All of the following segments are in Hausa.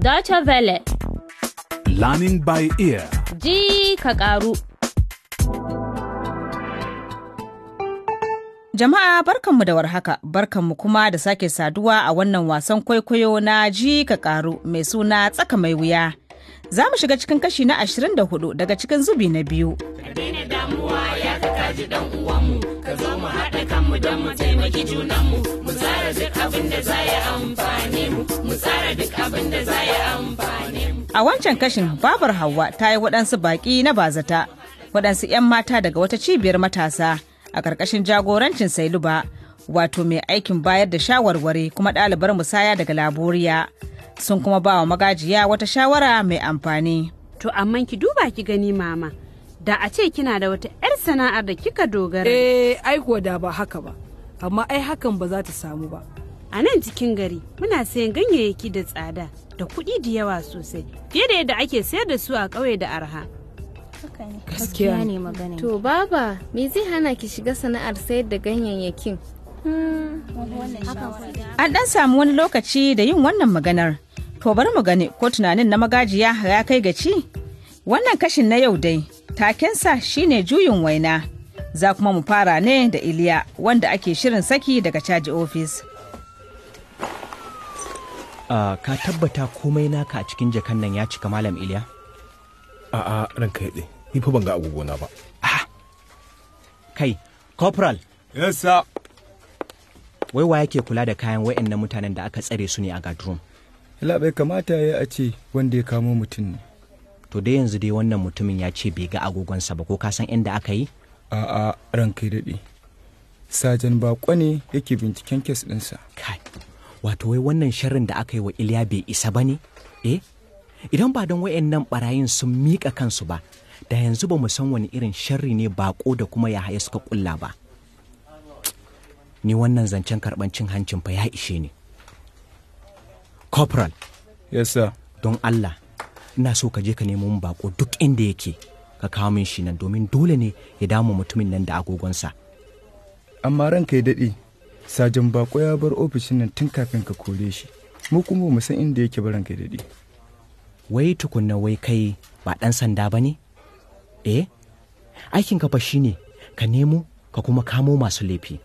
Dacha Vele. Learning by ear. Ji ka Jama'a barkanmu da warhaka, barkanmu kuma da sake saduwa a wannan wasan kwaikwayo na ji ka ƙaru mai suna tsaka mai wuya. Za mu shiga cikin kashi na 24 daga cikin zubi na biyu. A wancan kashin babar Hauwa ta yi waɗansu baƙi na bazata, waɗansu 'yan mata daga wata cibiyar matasa a ƙarƙashin jagorancin Sailuba, wato mai aikin bayar da shawarwari kuma ɗalibar musaya daga Laboriya. sun kuma ba wa magajiya wata shawara mai amfani. To amma ki duba ki gani mama, da a ce kina da wata 'yar sana'ar da kika dogara. Eh, ai da ba haka ba, amma ai hakan ba za ta samu ba. A nan cikin gari muna sayan ganyayyaki da tsada da kuɗi da yawa sosai, fiye da yadda ake sayar da su a ƙauye da arha. Gaskiya ne magana. To baba, me zai hana ki shiga sana'ar sayar da ganyayyakin? Hmm, An ɗan samu wani lokaci da yin wannan maganar. To bari mu gani ko tunanin na magajiya ya kai ga ci? Wannan kashin na yau dai, takensa shine juyin waina. Za kuma mu fara ne da Iliya wanda ake shirin saki daga caji ofis. Uh, ka tabbata komai naka a cikin jakan nan ya cika malam Iliya? A'a ranka yaɗe, ni fa ban ga agogona ba. Ah, kai, corporal. Yes, sir. Wai wa yake kula da kayan wa'annan mutanen da aka tsare su ne a gadrum? bai kamata ya a ce wanda ya kamo mutum ne to dai yanzu dai wannan mutumin ya ce bai ga agogonsa ba ko ka san inda aka yi a'a ranka ya daɗe sajan bako ne yake binciken kes ɗinsa kai wato wai wannan sharrin da aka yi wa iliya bai isa ba ne eh idan ba don wayannan barayin sun miƙa kansu ba da yanzu ba mu san wani irin sharri ne baƙo da kuma ya haya suka kulla ba ni wannan zancen karɓancin hancin fa ya ishe ni corporal yes sir don allah ina so ka je ka nemo min bako duk inda yake ka kawo min shi nan domin dole ne ya damu mutumin nan da agogonsa amma ranka ya daɗe sajan bako ya bar ofishin nan tun kafin ka kore shi mu kuma mu san inda yake baran kai daɗi wai tukunna wai kai ba ɗan sanda ba ne eh aikin ka fa shine ka nemo ka kuma kamo masu laifi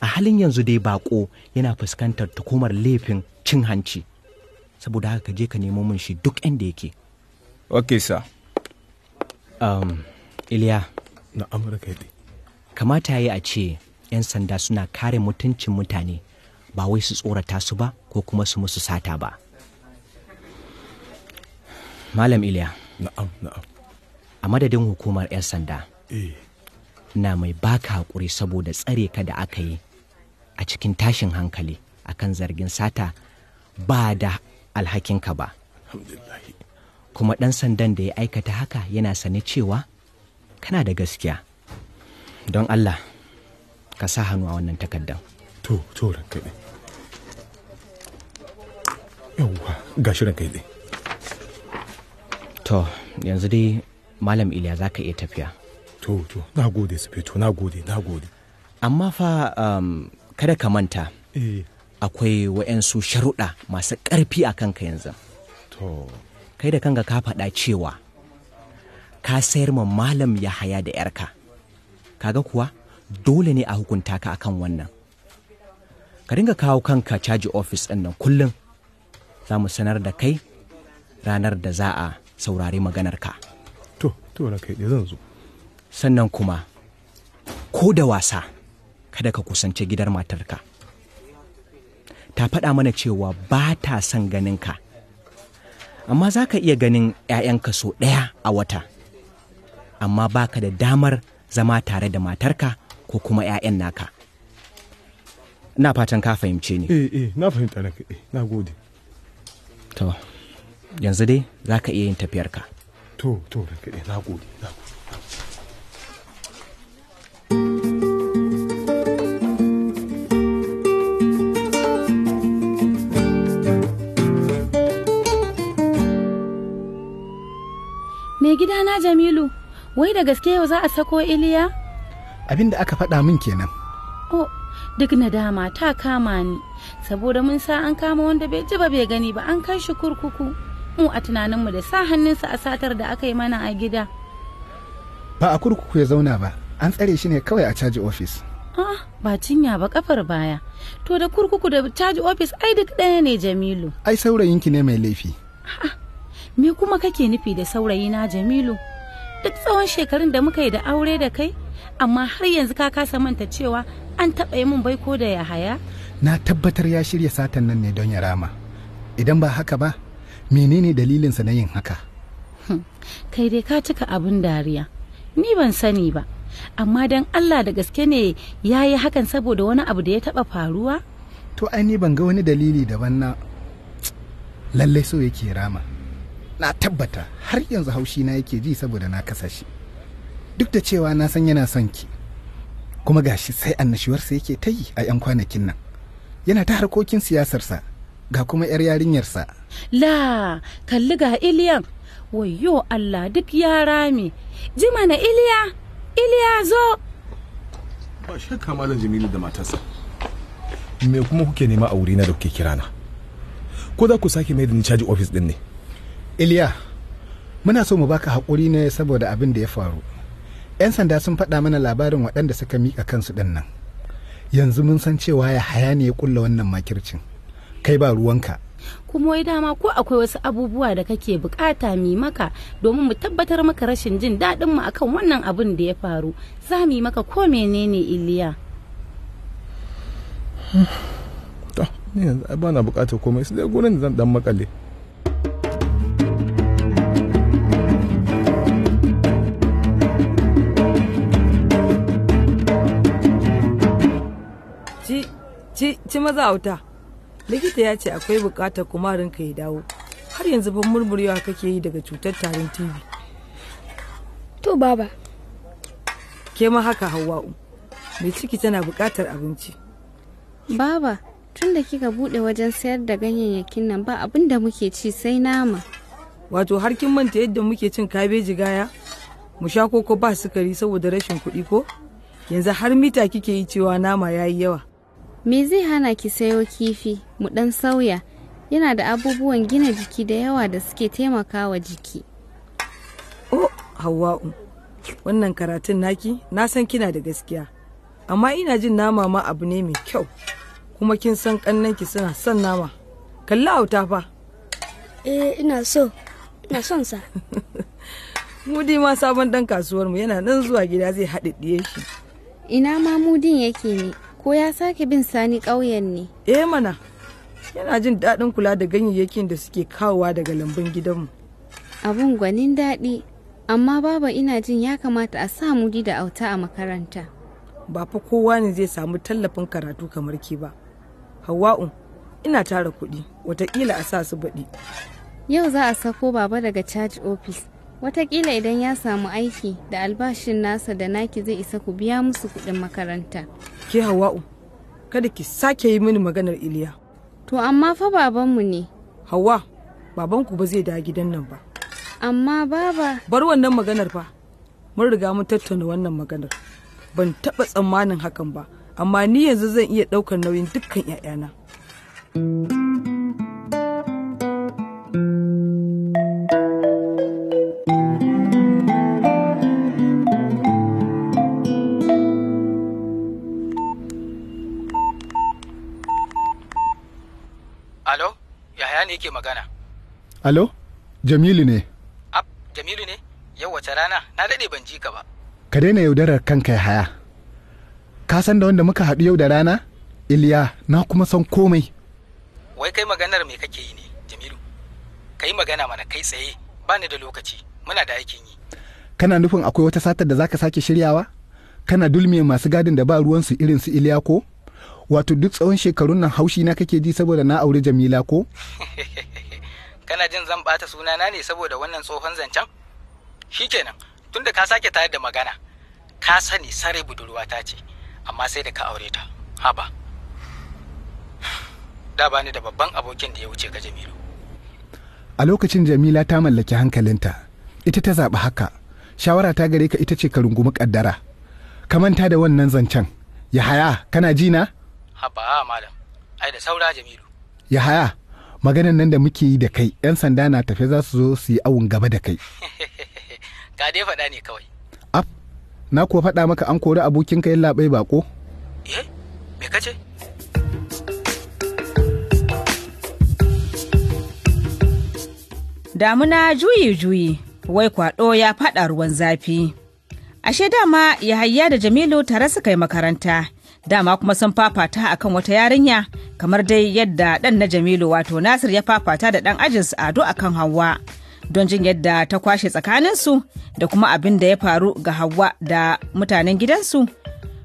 a halin yanzu dai bako yana fuskantar tukumar laifin cin hanci saboda haka ka je ka nemo mun shi duk inda yake ok sa um, iliya na amurka kamata ya yi a ce 'yan sanda suna kare mutuncin mutane ba wai su tsorata su ba ko kuma su musu sata ba malam iliya na'am na'am a madadin hukumar 'yan sanda eh. na mai baka hakuri saboda tsare ka da aka yi a cikin tashin hankali akan zargin sata ba da alhakinka ba kuma ɗan sandan da ya aikata haka yana sane cewa kana da gaskiya don allah ka sa hannu a wannan takardar to to ranka ne yawwa gashi ranka ne to yanzu dai malam iliya za ka iya tafiya to to na gode su fito na gode na gode amma fa um, kada ka manta eh. akwai wa'yansu sharuɗa masu ƙarfi a kanka yanzu kai da kanka ka faɗa cewa ka sayar ma malam ya haya da yarka kaga kuwa dole ne a hukunta ka akan wannan ka dinga kawo kanka caji ofis ɗin nan kullum za mu sanar da kai ranar da za a saurari maganarka to to na kai zan zo sannan kuma ko da wasa kada ka kusance gidar matarka ta faɗa mana cewa ba ta son ka amma za ka iya ganin 'ya'yanka so ɗaya a wata amma ba ka da damar zama tare da matarka ko kuma 'ya'yan naka na fatan ka fahimce ni eh eh na fahimta na eh, na gode to yanzu dai za ka iya yin tafiyarka to to eh, na gode na gode mai gidana jamilu wai da gaske yau za a sako iliya abin da aka faɗa min kenan oh duk dama ta kama ni saboda mun sa an kama wanda bai ji ba bai gani ba an kai shi kurkuku mu a tunaninmu da sa hannunsa a satar da aka yi mana a gida ba a kurkuku ya zauna ba an tsare shi ne kawai a caji ofis ah ba cinya ba kafar baya to da kurkuku da caji ofis ai duk ɗaya ne jamilu ai saurayinki ne mai laifi ah. me kuma kake nufi da saurayi na jamilu duk tsawon shekarun da muka yi da aure da kai amma har yanzu ka kasa manta cewa an taɓa yi min baiko da yahaya na tabbatar ya shirya satan nan ne don ya rama idan ba haka ba menene dalilinsa na yin haka hmm, kai dai ka cika abin dariya ni ban sani ba amma dan allah da gaske ne ya yi hakan saboda wani abu da ya taɓa faruwa to ai ni ban ga wani dalili daban na lallai so yake rama na tabbata har yanzu haushi na yake ji saboda na kasa shi duk da cewa na san yana son ki kuma gashi sai annashuwarsa yake ta yi a 'yan kwanakin nan yana ta harkokin siyasarsa ga kuma 'yar yarinyarsa la kalli ga iliyan wayo allah duk ya rame jima na iliya iliya zo ba shakka malam jamilu da matarsa me kuma kuke nema a wuri na da kuke kirana ko za ku sake mai da ni caji ofis din ne iliya muna so mu baka haƙuri ne saboda abin da ya faru 'yan sanda sun faɗa mana labarin waɗanda suka miƙa kansu ɗin nan yanzu mun san cewa ya haya ne ya ƙulla wannan makircin kai ba ruwanka kuma wai dama ko akwai wasu abubuwa da kake bukata mi maka domin mu tabbatar maka rashin jin daɗin mu akan wannan abin da ya faru za mu yi maka ko menene iliya ni ba na bukatar komai sai gurin da zan dan makale ci maza auta likita ya ce akwai bukatar kumarin ka ya dawo har yanzu ban murmurewa kake yi daga cutar tarin tv to baba ke ma haka hawa'u mai ciki tana bukatar abinci baba tun da kika bude wajen sayar da ganyayyakin nan ba abin da muke ci sai nama wato har kin manta yadda muke cin kabeji gaya mu sha koko ba sukari saboda rashin kuɗi ko yanzu har mita kike yi cewa nama ya yi yawa me zai hana ki sayo kifi mu dan sauya yana da abubuwan gina jiki da yawa da suke taimakawa jiki oh hawa'u wannan karatun naki na san kina da gaskiya amma ina jin nama ma abu ne mai kyau kuma kin san kannanki suna son nama kalla auta fa eh ina so ina son sa mudi ma sabon dan kasuwarmu yana nan zuwa gida zai haɗe shi ina ma mudin yake ne ko ya sake bin sani ƙauyen ne eh mana yana jin daɗin kula da ganyayyakin da suke kawowa daga lambun gidanmu abun gwanin daɗi amma baba ina jin ya kamata a sa mudi da auta a makaranta ba fa kowa ne zai samu tallafin karatu kamar ki ba hawa'u ina tara kuɗi Wataƙila a sa su baɗi yau za a sako baba daga charge office Wataƙila idan ya samu aiki da albashin nasa da naki zai isa ku biya musu kuɗin makaranta. Ke Hawa'u, kada ki sake yi mini maganar Iliya. To amma fa babanmu ne. Hawa, babanku ba zai dawo gidan nan ba. Amma baba. Bar wannan maganar fa. Mun riga mun tattauna wannan maganar. Ban taɓa tsammanin hakan ba, amma ni yanzu zan iya ɗaukar nauyin dukkan 'ya'yana. Mm Alo, yaya ne yake magana? Alo, Jamilu ne. Ab, Jamilu ne? Yau wace rana? Na daɗe ban ji ka ba. Ka daina yaudarar kanka ya haya. Ka san da wanda muka haɗu yau da rana? Iliya, na kuma san komai. Wai kai maganar me kake yi ne, Jamilu? Ka yi magana mana kai tsaye, ba ni da lokaci, muna da aikin yi. Kana nufin akwai wata satar da za zaka sake shiryawa? Kana dulmiyar masu gadin da ba ruwansu irin su Iliya ko? wato duk tsawon shekarun nan haushi na kake ji saboda na aure jamila ko kana jin zan bata sunana ne saboda wannan tsohon zancen shikenan tunda ka sake tare da magana ka sani sare budurwata ce amma sai da ka aure ta haba da bani da babban abokin da ya wuce ga jamilu a lokacin jamila ta mallaki hankalinta ita ta zaɓi haka shawara ta gare ka ita ce ka rungumi ƙaddara ka manta da wannan zancen Yahaya, kana ji na? Haba, malam. Ai da saura Jamilu. Yahaya, maganan nan da muke yi da kai, 'yan sanda na tafe za su zo su yi awun gaba da kai. Ka dai faɗa ne kawai. Af, na kuwa faɗa maka an kori abokin kai labai bako? Eh, me kace? Damuna juyi-juyi, wai kwaɗo ya faɗa ruwan zafi. Ashe dama Yahaya da Jamilu tare suka yi makaranta, dama kuma sun fafata a kan wata yarinya kamar dai yadda ɗan na Jamilu wato Nasir ya fafata da ɗan ajinsu Ado a kan hawa Don jin yadda ta kwashe tsakaninsu da kuma abin da ya faru ga hawa da mutanen gidansu.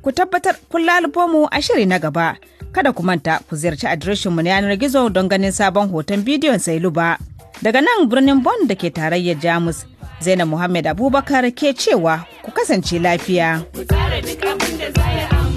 Ku tabbatar kun lalubo mu a shiri na gaba. Kada ku manta ku ziyarci adireshinmu na yanar gizo don ganin sabon hoton bidiyon Sailuba. Daga nan birnin Bon da ke tarayyar Jamus. Zainab Muhammad Abubakar ke cewa ku kasance lafiya. Ku